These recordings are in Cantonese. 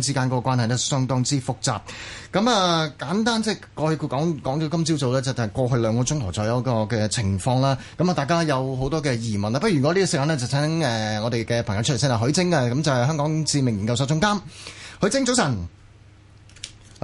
之間個關係呢，相當之複雜，咁啊簡單即係、就是、過去講講到今朝早呢，就係、是、過去兩個鐘頭左右個嘅情況啦。咁啊，大家有好多嘅疑問啦，不如果呢個時間呢，就請誒、呃、我哋嘅朋友出嚟先啊，許楨啊，咁就係香港智明研究所總監，許楨早晨。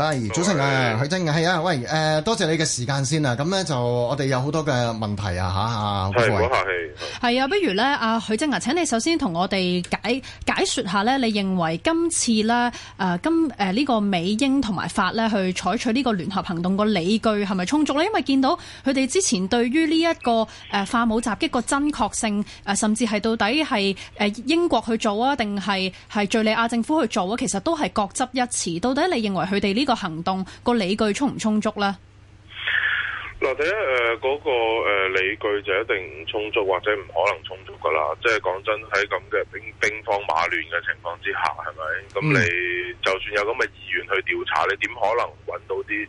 哎，早晨啊，許楨嘅係啊，喂，誒、呃，多謝你嘅時間先啊，咁呢，就我哋有好多嘅問題啊嚇啊，係位啊，不如咧，阿、啊、許楨啊，請你首先同我哋解解説下呢。你認為今次呢，誒、啊、今誒呢、啊這個美英同埋法呢去採取呢個聯合行動個理據係咪充足呢？因為見到佢哋之前對於呢、這、一個誒、啊、化武襲擊個真確性，誒、啊、甚至係到底係誒英國去做啊，定係係敍利亞政府去做啊？其實都係各執一詞。到底你認為佢哋呢個行動個理據充唔充足呢？嗱，第一嗰、呃嗰個誒、呃、理據就一定充足，或者唔可能充足噶啦。即係講真喺咁嘅兵兵荒馬亂嘅情況之下，係咪？咁你就算有咁嘅意願去調查，你點可能揾到啲？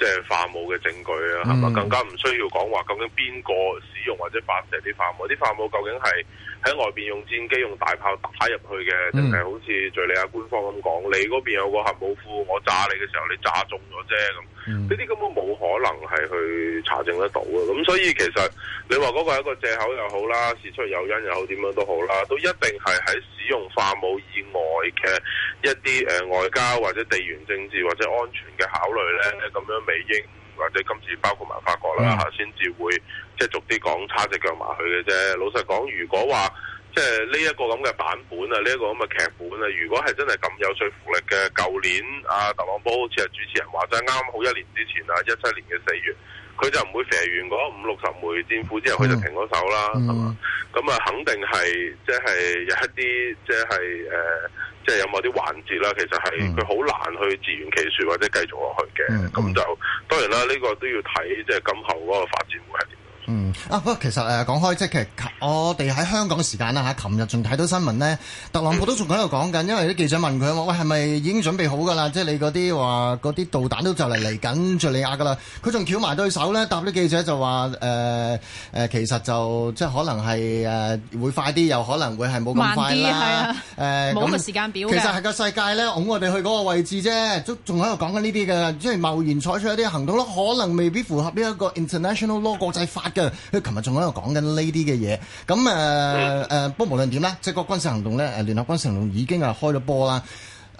即係化武嘅證據啊，係咪？更加唔需要講話究竟邊個使用或者發射啲化武，啲化武究竟係喺外邊用戰機用大炮打入去嘅，定係、嗯、好似敍利亞官方咁講，你嗰邊有個核武庫，我炸你嘅時候你炸中咗啫咁。呢啲、嗯、根本冇可能係去查證得到嘅，咁所以其實你話嗰個係一個藉口又好啦，事出有因又好，點樣都好啦，都一定係喺使用化武以外嘅一啲誒外交或者地緣政治或者安全嘅考慮咧，咁樣美英或者今次包括埋法國啦嚇，先至、嗯、會即係、就是、逐啲講差隻腳埋去嘅啫。老實講，如果話，即係呢一個咁嘅版本啊，呢、這、一個咁嘅劇本啊，如果係真係咁有說服力嘅，舊年啊，特朗普好似係主持人話齋，啱啱好一年之前啊，一七年嘅四月，佢就唔會射完嗰五六十枚戰斧之後，佢就停咗手啦，係嘛？咁啊，肯定係即係有一啲即係誒，即、就、係、是呃就是、有某啲環節啦。其實係佢好難去自圓其説或者繼續落去嘅。咁、嗯嗯、就當然啦，呢、這個都要睇即係今後嗰個發展會係點。嗯啊，不過其實誒、啊、講開，即係其實我哋喺香港時間啦嚇，琴日仲睇到新聞呢，特朗普都仲喺度講緊，因為啲記者問佢話，喂係咪已經準備好噶啦？即係你嗰啲話嗰啲導彈都就嚟嚟緊敍利亞噶啦，佢仲翹埋對手呢，答啲記者就話誒誒，其實就即係可能係誒、呃、會快啲，又可能會係冇咁快啦。誒，冇、啊呃、個時間表。其實係個世界呢，我哋去嗰個位置啫，仲喺度講緊呢啲嘅，即係貿然採取一啲行動咯，可能未必符合呢一個 international law 國際法。佢琴日仲喺度講緊呢啲嘅嘢，咁誒誒，不過無論點啦，即係個軍事行動咧，誒聯合軍事行動已經係開咗波啦。誒、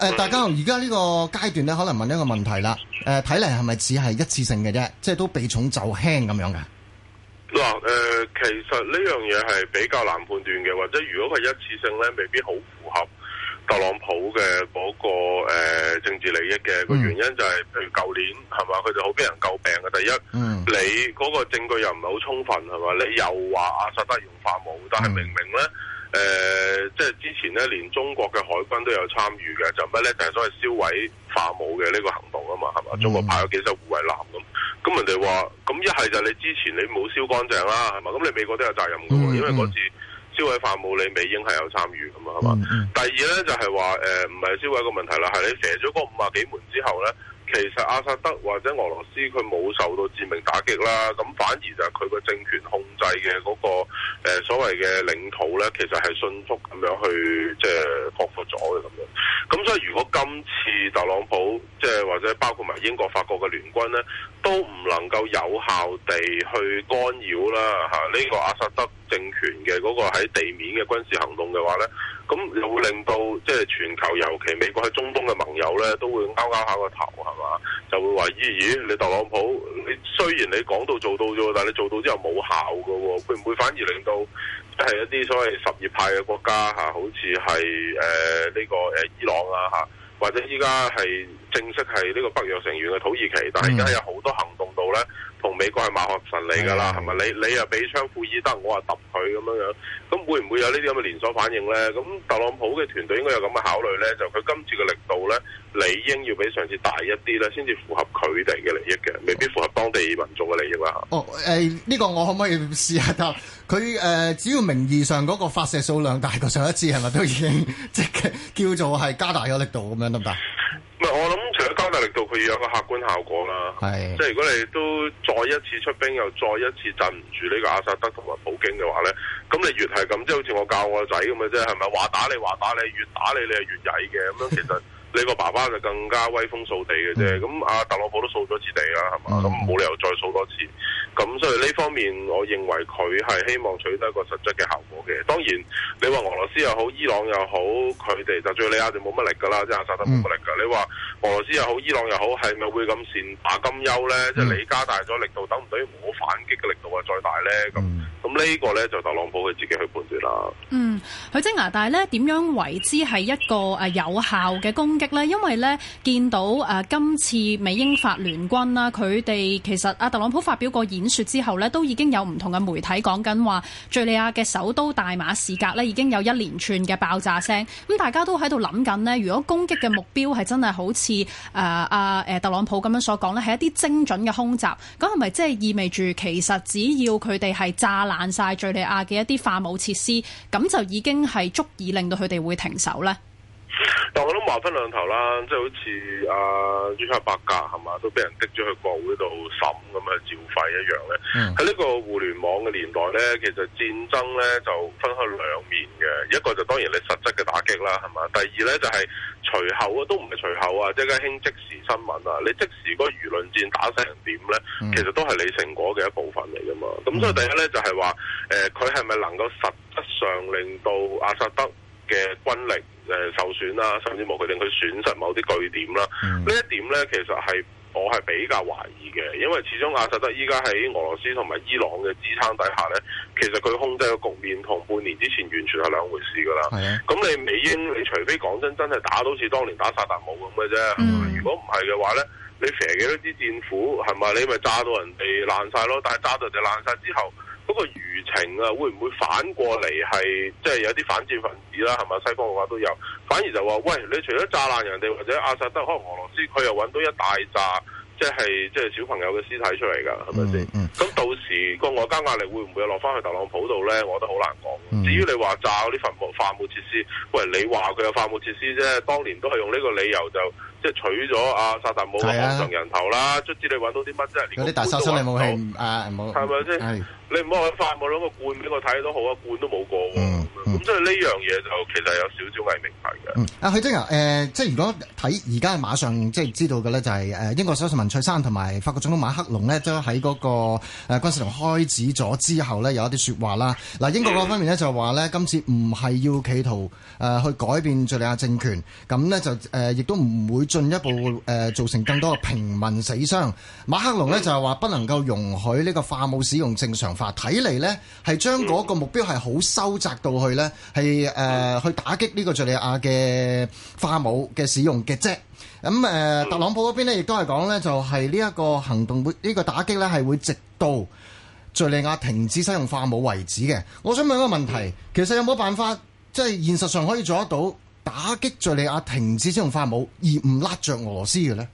呃、大家，而家呢個階段咧，可能問一個問題啦。誒睇嚟係咪只係一次性嘅啫？即係都避重就輕咁樣嘅。嗱誒、呃呃，其實呢樣嘢係比較難判斷嘅，或者如果係一次性咧，未必好符合。特朗普嘅嗰、那個、呃、政治利益嘅個、嗯、原因就係、是，譬如舊年係嘛，佢就好俾人詬病嘅。第一，嗯、你嗰個證據又唔係好充分係嘛？你又話阿薩德用化武，但係明明咧誒、呃，即係之前咧，連中國嘅海軍都有參與嘅，就乜咧就係、是、所謂燒毀化武嘅呢個行動啊嘛，係嘛？中國派咗幾隻護衛艦咁，咁人哋話，咁一係就你之前你冇燒乾淨啦，係嘛？咁你美國都有責任嘅喎，嗯、因為嗰次。消委法冇你未應係有參與咁嘛？係嘛？第二咧就係話誒，唔係消委個問題啦，係你射咗嗰五啊幾門之後咧。 其實阿薩德或者俄羅斯佢冇受到致命打擊啦，咁反而就係佢個政權控制嘅嗰、那個、呃、所謂嘅領土呢，其實係迅速咁樣去即係擴闊咗嘅咁樣。咁所以如果今次特朗普即係或者包括埋英國、法國嘅聯軍呢，都唔能夠有效地去干擾啦嚇呢個阿薩德政權嘅嗰個喺地面嘅軍事行動嘅話呢。咁又會令到即係全球，尤其美國喺中東嘅盟友咧，都會拗拗下個頭係嘛？就會話咦咦，你特朗普，你雖然你講到做到咗，但係你做到之後冇效嘅，會唔會反而令到即係一啲所謂什葉派嘅國家吓好似係誒呢個誒伊朗啊吓或者依家係正式係呢個北約成員嘅土耳其，但係而家有好多行動。同美國係馬後神嚟㗎啦，係咪的？你你又俾槍庫爾德，我話揼佢咁樣樣，咁會唔會有呢啲咁嘅連鎖反應咧？咁特朗普嘅團隊應該有咁嘅考慮咧，就佢、是、今次嘅力度咧，理應要比上次大一啲咧，先至符合佢哋嘅利益嘅，未必符合當地民眾嘅利益啊！哦，誒、呃、呢、這個我可唔可以試下答？就佢誒，只要名義上嗰個發射數量大過上一次係咪，是是都已經即叫做係加大咗力度咁樣得唔得？唔係、呃、我諗。到佢要有個客觀效果啦，的即係如果你都再一次出兵又再一次鎮唔住呢個阿薩德同埋普京嘅話咧，咁你越係咁，即係好似我教我個仔咁嘅啫，係咪話打你話打你，越打你你係越曳嘅咁樣，其實。 你個爸爸就更加威風掃地嘅啫，咁阿、嗯、特朗普都掃咗次地啦，係嘛？咁冇、嗯、理由再掃多次。咁所以呢方面，我認為佢係希望取得一個實質嘅效果嘅。當然，你話俄羅斯又好，伊朗又好，佢哋就敍利亞就冇乜力㗎啦，即係阿薩德冇乜力㗎。嗯、你話俄羅斯又好，伊朗又好，係咪會咁善打金優咧？即係、嗯、你加大咗力度，等唔等於我反擊嘅力度啊再大咧？咁咁、嗯、呢個咧就特朗普佢自己去判斷啦。嗯，喺加拿大咧點樣為之係一個誒有效嘅工？嗯擊咧，因為咧見到誒、呃，今次美英法聯軍啦，佢哋其實阿特朗普發表過演說之後咧，都已經有唔同嘅媒體講緊話，敘利亞嘅首都大馬士革咧已經有一連串嘅爆炸聲。咁、嗯、大家都喺度諗緊咧，如果攻擊嘅目標係真係好似誒阿誒特朗普咁樣所講咧，係一啲精準嘅空襲，咁係咪即係意味住其實只要佢哋係炸爛晒敘利亞嘅一啲化武設施，咁就已經係足以令到佢哋會停手呢？但我都話分兩頭啦，即係好似阿朱克伯格係嘛，都俾人逼咗去國會度審咁樣，照肺一樣咧。喺呢、嗯、個互聯網嘅年代咧，其實戰爭咧就分開兩面嘅，一個就當然你實質嘅打擊啦，係嘛。第二咧就係、是、隨口啊，都唔係隨口啊，即係興即時新聞啊。你即時嗰個輿論戰打成點咧，嗯、其實都係你成果嘅一部分嚟噶嘛。咁、嗯嗯、所以第一咧就係、是、話，誒、呃，佢係咪能夠實質上令到阿薩德嘅軍力誒受損啦，甚至冇決定佢損失某啲據點啦。呢、嗯、一點咧，其實係我係比較懷疑嘅，因為始終阿薩德依家喺俄羅斯同埋伊朗嘅支撐底下咧，其實佢控制嘅局面同半年之前完全係兩回事㗎啦。咁的你美英，你除非講真，真係打到似當年打薩達姆咁嘅啫。嗯、如果唔係嘅話咧，你射幾多支戰斧，係咪你咪炸到人哋爛晒咯？但係炸到人哋爛晒之後。嗰個輿情啊，會唔會反過嚟係即係有啲反戰分子啦？係咪？西方嘅話都有，反而就話喂，你除咗炸爛人哋或者阿薩德，可能俄羅斯，佢又揾到一大紮即係即係小朋友嘅屍體出嚟㗎，係咪先？咁、mm hmm. 到時個外交壓力會唔會落翻去特朗普度呢？我都好難講。Mm hmm. 至於你話炸嗰啲墳墓化武設施，喂，你話佢有化武設施啫，當年都係用呢個理由就。即係取咗阿薩達姆嘅人頭啦，卒之、啊、你揾到啲乜啫！嗰啲大殺傷力武器啊，冇係咪即先？是是是你唔好話發冇攞個罐俾我睇都好啊，罐都冇過。咁即係呢樣嘢就其實有少少係明白嘅。啊許楨誒，即係如果睇而家馬上即係知道嘅咧，就係誒英國首相文翠珊同埋法國總統馬克龍呢，都喺嗰個誒軍事同開始咗之後呢，有一啲説話啦。嗱，英國嗰方面呢，就話呢，今次唔係要企圖誒去改變敍利亞政權，咁呢，就誒亦都唔會。進一步誒、呃、造成更多嘅平民死傷，馬克龍咧就係話不能夠容許呢個化武使用正常化，睇嚟呢係將嗰個目標係好收窄到去呢係誒、呃、去打擊呢個敍利亞嘅化武嘅使用嘅啫。咁、嗯、誒、呃、特朗普嗰邊咧亦都係講呢，就係呢一個行動，呢、呢個打擊呢係會直到敍利亞停止使用化武為止嘅。我想問一個問題，其實有冇辦法即係現實上可以做得到？打擊敘利亞停止使用化武而唔甩着俄羅斯嘅咧？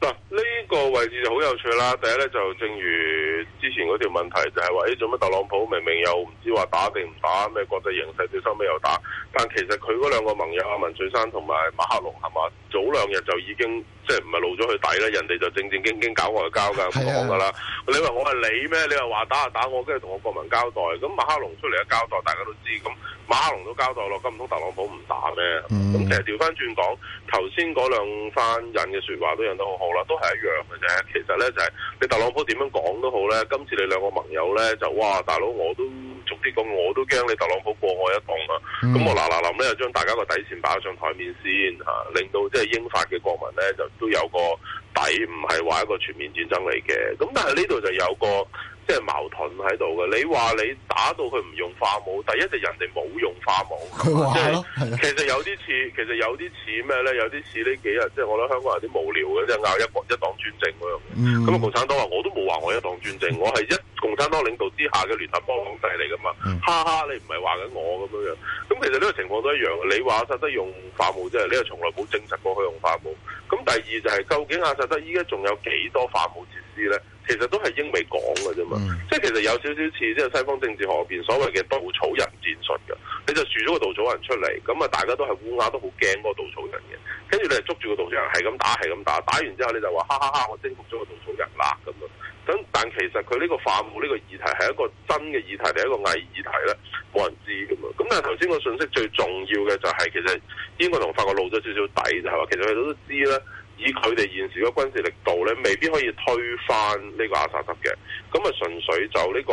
嗱、啊、呢、這個位置就好有趣啦。第一咧就正如之前嗰條問題，就係話誒，做、欸、乜特朗普明明又唔知話打定唔打？咩國際形勢最收尾又打？但其實佢嗰兩個盟友阿文翠珊同埋馬克龍係嘛？早兩日就已經即係唔係露咗去底咧，人哋就正正經經搞外交噶，講噶啦。你話我係你咩？你話話打就打，我跟住同我國民交代。咁馬克龍出嚟嘅交代，大家都知咁。巴龍都交代咯，咁唔通特朗普唔打咩？咁其實調翻轉講，頭先嗰兩番引嘅説話都引得好好啦，都係一樣嘅啫。其實呢，就係你特朗普點樣講都好呢。今次你兩個盟友呢，就哇大佬我都總之講我都驚你特朗普過我一檔啊！咁、嗯、我嗱嗱臨呢，就將大家個底線擺上台面先嚇、啊，令到即係英法嘅國民呢，就都有個底，唔係話一個全面戰爭嚟嘅。咁但係呢度就有個。即係矛盾喺度嘅，你話你打到佢唔用化武，第一就人哋冇用化武，即係其實有啲似， 其實有啲似咩咧？有啲似呢幾日，即係我諗香港人啲無聊嘅，即係咬一一,一黨專政嗰樣咁啊，嗯、共產黨話我都冇話我一黨專政，我係一共產黨領導之下嘅聯合邦皇帝嚟噶嘛？哈哈，你唔係話緊我咁樣樣。咁其實呢個情況都一樣，你話阿薩德用化武即啫，你又從來冇證實過佢用化武。咁第二就係究竟阿薩德依家仲有幾多化武？其實都係英美講嘅啫嘛，嗯、即係其實有少少似即係西方政治河邊所謂嘅稻草人戰術嘅，你就豎咗個稻草人出嚟，咁啊大家都係烏鴉都好驚嗰個稻草人嘅，跟住你嚟捉住個稻草人，係咁打係咁打，打完之後你就話哈，哈哈哈，我征服咗個稻草人啦咁啊，咁但其實佢呢個化武呢個議題係一個真嘅議題定係一個偽議題咧，冇人知咁嘛。咁但係頭先個信息最重要嘅就係、是、其實英國同法國露咗少少底就係話，其實佢哋都知啦。以佢哋現時嘅軍事力度咧，未必可以推翻呢個阿薩德嘅。咁啊，純粹就呢個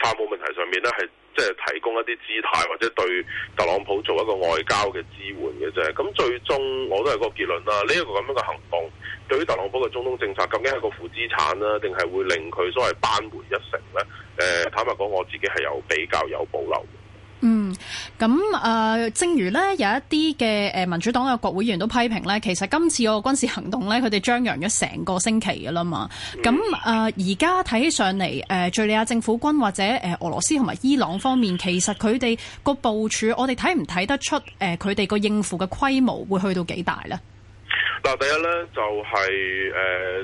反貿問題上面咧，係即係提供一啲姿態，或者對特朗普做一個外交嘅支援嘅啫。咁最終我都係嗰個結論啦。呢、這、一個咁樣嘅行動，對於特朗普嘅中東政策，究竟係個負資產啦，定係會令佢所謂扳回一城呢？誒、呃，坦白講，我自己係有比較有保留。嗯，咁誒、呃，正如咧有一啲嘅誒，民主黨嘅國會議員都批評咧，其實今次個軍事行動咧，佢哋張揚咗成個星期噶啦嘛。咁誒、嗯，而家睇起上嚟，誒、呃，敘利亞政府軍或者誒、呃、俄羅斯同埋伊朗方面，其實佢哋個部署，我哋睇唔睇得出誒，佢哋個應付嘅規模會去到幾大咧？嗱，第一咧就係、是、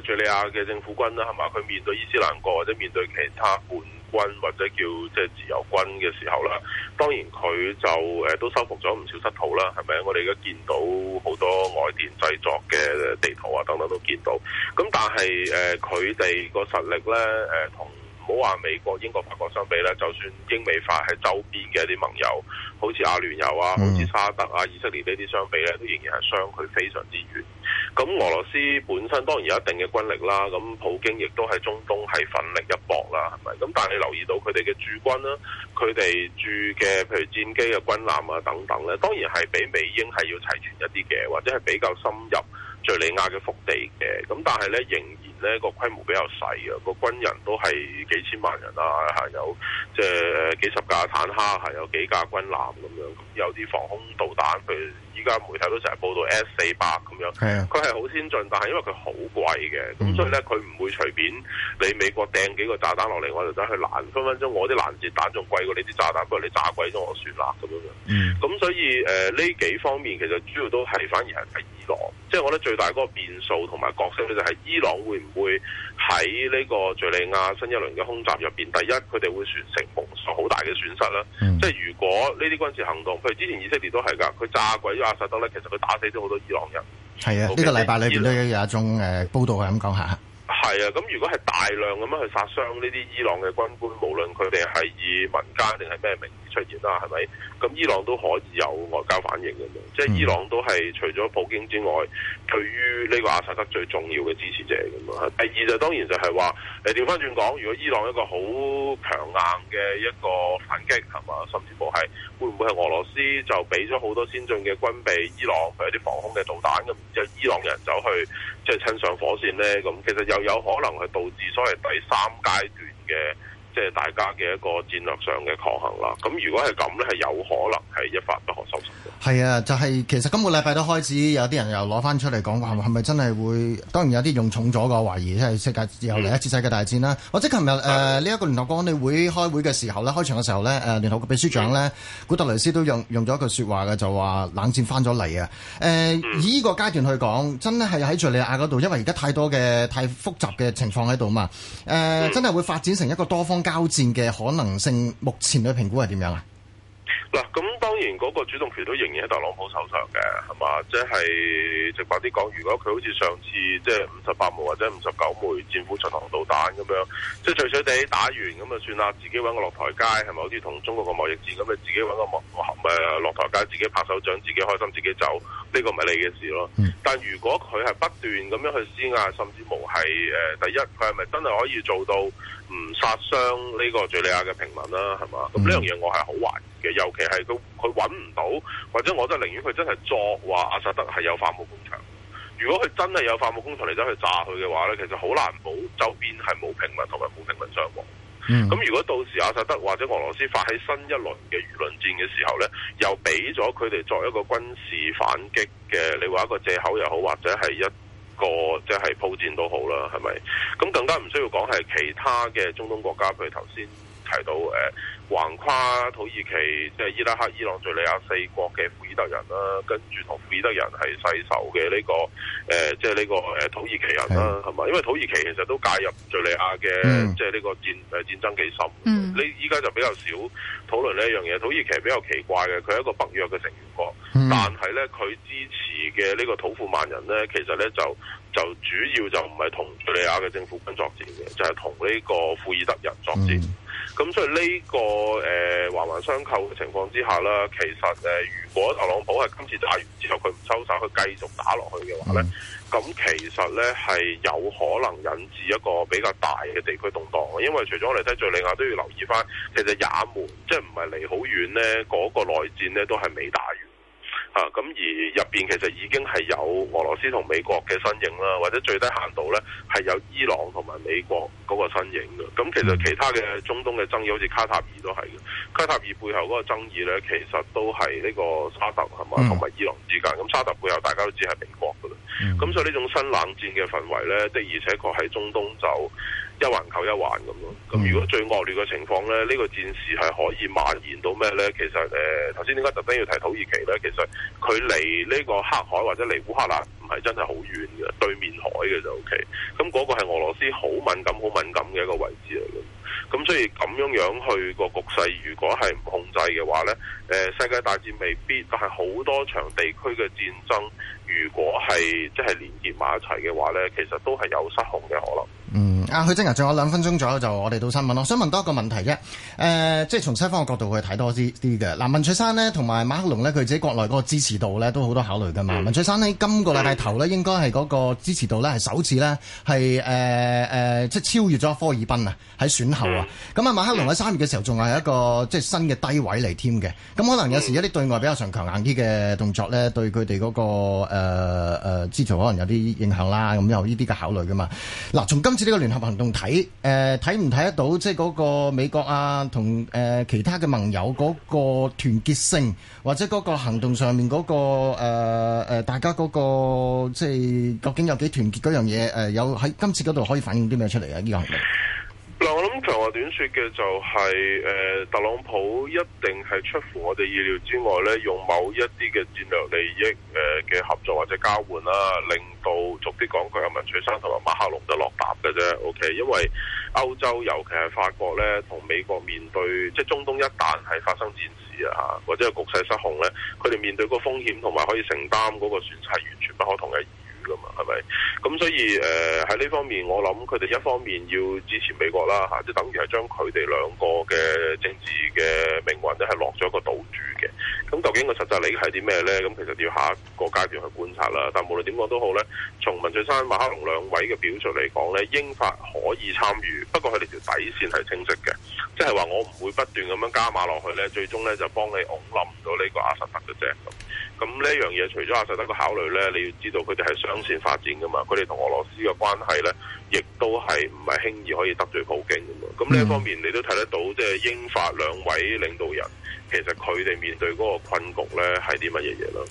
誒，敘、呃、利亞嘅政府軍啦，係嘛，佢面對伊斯蘭國或者面對其他管軍或者叫即係自由軍嘅時候啦，當然佢就誒、呃、都收復咗唔少失土啦，係咪？我哋而家見到好多外電製作嘅地圖啊，等等都見到。咁但係誒，佢哋個實力呢，誒、呃，同唔好話美國、英國、法國相比呢，就算英美法係周邊嘅啲盟友，好似阿聯酋啊、好似沙特啊、以色列呢啲相比呢，都仍然係相距非常之遠。咁俄羅斯本身當然有一定嘅軍力啦，咁普京亦都喺中東係奮力一搏啦，係咪？咁但係你留意到佢哋嘅駐軍啦，佢哋駐嘅譬如戰機嘅軍艦啊等等咧，當然係比美英係要齊全一啲嘅，或者係比較深入敘利亞嘅腹地嘅。咁但係咧仍然咧個規模比較細嘅，個軍人都係幾千萬人啊，係有即係幾十架坦克，係有幾架軍艦咁樣，有啲防空導彈佢。依家媒體都成日報道 S 四百咁樣，佢係好先進，但係因為佢好貴嘅，咁、嗯、所以咧佢唔會隨便你美國掟幾個炸彈落嚟，我就走去攔，分分鐘我啲攔截彈仲貴過你啲炸彈，不如你炸鬼咗我算啦咁樣。咁、嗯、所以誒呢、呃、幾方面其實主要都係反而係伊朗，即、就、係、是、我覺得最大嗰個變數同埋角色咧就係伊朗會唔會喺呢個敍利亞新一輪嘅空襲入邊，第一佢哋會蒙受好大嘅損失啦。即、啊、係、嗯、如果呢啲軍事行動，譬如之前以色列都係㗎，佢炸鬼咗。架實得咧，其實佢打死咗好多伊朗人。係啊的，呢個禮拜裏邊咧有一種誒、呃、報道係咁講下。係啊，咁如果係大量咁樣去殺傷呢啲伊朗嘅軍官，無論佢哋係以民間定係咩名義出現啦，係咪？咁伊朗都可以有外交反應嘅，嗯、即係伊朗都係除咗普京之外，對於呢個阿薩德最重要嘅支持者咁啊。第二就係、當然就係話，誒調翻轉講，如果伊朗一個好強硬嘅一個反擊，同埋甚至乎係會唔會係俄羅斯就俾咗好多先進嘅軍備，伊朗佢有啲防空嘅導彈咁，即係伊朗人走去即係、就係、親上火線呢。咁其實又有。有可能係導致所謂第三階段嘅。即係大家嘅一個戰略上嘅抗衡啦。咁如果係咁呢，係有可能係一發不可收拾。係啊，就係、是、其實今個禮拜都開始有啲人又攞翻出嚟講，係咪係咪真係會？當然有啲用重咗個懷疑，即係世界又嚟一次世界大戰啦。或者琴日誒呢一個聯合國安理會開會嘅時候呢，開場嘅時候呢，誒、呃、聯合國秘書長呢，嗯、古特雷斯都用用咗一句説話嘅，就話冷戰翻咗嚟啊！誒、呃嗯、以呢個階段去講，真係喺敍利亞嗰度，因為而家太多嘅太複雜嘅情況喺度嘛。誒、呃嗯、真係會發展成一個多方。交戰嘅可能性，目前嘅評估係點樣啊？嗱，噉連嗰個主動權都仍然喺特朗普手上嘅，係嘛？即係直白啲講，如果佢好似上次即係五十八枚或者五十九枚戰斧巡航導彈咁樣，即係隨隨地打完咁就算啦，自己揾個落台階係咪好似同中國個貿易戰咁，咪自己揾個落、呃、落台階，自己拍手掌，自己開心，自己走，呢、這個唔係你嘅事咯。嗯、但如果佢係不斷咁樣去施壓，甚至無係誒，第一佢係咪真係可以做到唔殺傷呢個敍利亞嘅平民啦？係嘛？咁呢樣嘢我係好懷疑。尤其係佢佢揾唔到，或者我都係寧願佢真係作話阿薩德係有化武工場。如果佢真係有化武工場嚟走去炸佢嘅話呢，其實好難保周邊係冇平民同埋冇平民傷亡。咁、嗯、如果到時阿薩德或者俄羅斯發起新一輪嘅輿論戰嘅時候呢，又俾咗佢哋作一個軍事反擊嘅，你話一個藉口又好，或者係一個即係、就是、鋪墊都好啦，係咪？咁更加唔需要講係其他嘅中東國家，譬如頭先。提到誒、呃、橫跨土耳其、即係伊拉克、伊朗、敍利亞四國嘅庫爾德人啦、啊，跟住同庫爾德人係世仇嘅呢個誒、呃，即係呢個誒土耳其人啦、啊，係嘛、嗯？因為土耳其其實都介入敍利亞嘅，即係呢個戰誒戰爭幾深。嗯、你依家就比較少討論呢一樣嘢。土耳其比較奇怪嘅，佢係一個北約嘅成員國，嗯、但係咧佢支持嘅呢個土庫曼人咧，其實咧就就主要就唔係同敍利亞嘅政府軍作戰嘅，就係同呢個庫爾德人作戰。嗯。咁所以呢、這個誒環、呃、環環相扣嘅情況之下啦，其實誒、呃、如果特朗普係今次打完之後佢唔收手，佢繼續打落去嘅話咧，咁、mm hmm. 其實咧係有可能引致一個比較大嘅地區動盪，因為除咗我哋睇敍利亞都要留意返，其實也門即係唔係離好遠咧，嗰個內戰咧都係未打。啊，咁而入面其實已經係有俄羅斯同美國嘅身影啦，或者最低限度咧係有伊朗同埋美國嗰個身影嘅。咁其實其他嘅中東嘅爭議，好似卡塔爾都係嘅。卡塔爾背後嗰個爭議咧，其實都係呢個沙特係嘛，同埋伊朗之間。咁、嗯、沙特背後大家都知係美國㗎啦。咁、嗯、所以呢種新冷戰嘅氛圍呢，的而且確係中東就一環扣一環咁咯。咁如果最惡劣嘅情況呢，呢、呢個戰事係可以蔓延到咩呢？其實誒，頭先點解特登要提土耳其呢？其實佢離呢個黑海或者離烏克蘭唔係真係好遠嘅，對面海嘅就 OK。咁嗰個係俄羅斯好敏感、好敏感嘅一個位置嚟嘅。咁所以咁樣樣去個局勢，如果係唔控制嘅話呢，誒，世界大戰未必，但係好多場地區嘅戰爭，如果係即係連結埋一齊嘅話呢，其實都係有失控嘅可能。嗯，阿、啊、許楨，仲有兩分鐘左右就我哋到新聞咯。我想問多一個問題啫，誒、呃，即係從西方嘅角度去睇多啲啲嘅。嗱、啊，文翠珊呢，同埋馬克龍呢，佢自己國內嗰個支持度呢，都好多考慮噶嘛。嗯、文翠珊呢，今個禮拜頭呢，應該係嗰個支持度呢，係首次呢，係誒誒，即係超越咗科爾賓啊，喺選後啊。咁、嗯、啊，馬克龍喺三月嘅時候仲係一個即係新嘅低位嚟添嘅。咁可能有時一啲對外比較強強硬啲嘅動作呢，對佢哋嗰個誒支持可能有啲影響啦。咁有呢啲嘅考慮噶嘛。嗱、啊，從今次。呢個聯合行動睇，誒睇唔睇得到即係嗰個美國啊，同誒、呃、其他嘅盟友嗰個團結性，或者嗰個行動上面嗰、嗰個誒、呃、大家嗰、嗰個即係究竟有幾團結嗰樣嘢？誒、呃、有喺今次嗰度可以反映啲咩出嚟啊？呢、呢個行動。長話短說嘅就係、是，誒、呃，特朗普一定係出乎我哋意料之外呢，用某一啲嘅戰略利益，誒嘅合作或者交換啦、啊，令到逐啲講句阿文翠生同埋馬克龍就落答嘅啫，OK？因為歐洲尤其係法國呢，同美國面對即係中東一旦係發生戰事啊，吓或者係局勢失控呢，佢哋面對個風險同埋可以承擔嗰個選擇，係完全不可同嘅。係咪？咁、嗯、所以，誒喺呢方面，我諗佢哋一方面要支持美國啦，吓、啊、即等於係將佢哋兩個嘅政治嘅命運咧，係落咗個賭注嘅。咁究竟個實際理係啲咩呢？咁其實要下一個階段去觀察啦。但無論點講都好呢，從文翠山、馬克龍兩位嘅表述嚟講呢，英法可以參與，不過佢哋條底線係清晰嘅，即係話我唔會不斷咁樣加碼落去呢，最終呢，就幫你拱冧到呢個阿薩德嘅啫。咁呢一樣嘢，除咗阿薩德嘅考慮呢，你要知道佢哋係雙線發展噶嘛，佢哋同俄羅斯嘅關係呢，亦都係唔係輕易可以得罪普京噶嘛。咁呢一方面，你都睇得到，即係英法兩位領導人。其實佢哋面對嗰個困局咧，係啲乜嘢嘢咯？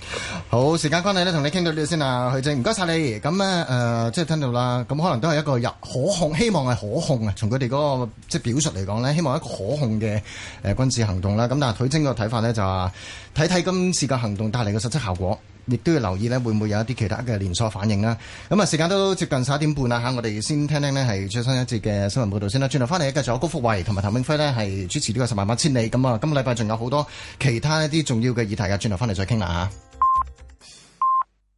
好，時間關係咧，同你傾到呢度先啦，許楨，唔該晒你。咁咧，誒、呃，即係聽到啦，咁可能都係一個入可控，希望係可控啊。從佢哋嗰個即係表述嚟講咧，希望一個可控嘅誒、呃、軍事行動啦。咁但係許楨個睇法咧就係話，睇睇今次嘅行動帶嚟嘅實質效果。亦都要留意咧，會唔會有一啲其他嘅連鎖反應啦？咁啊，時間都接近十一點半啦嚇，我哋先聽聽呢係最新一節嘅新聞報導先啦。轉頭翻嚟繼續有高福慧同埋譚永輝呢係主持呢個十萬八千里。咁啊，今個禮拜仲有好多其他一啲重要嘅議題嘅，轉頭翻嚟再傾啦嚇。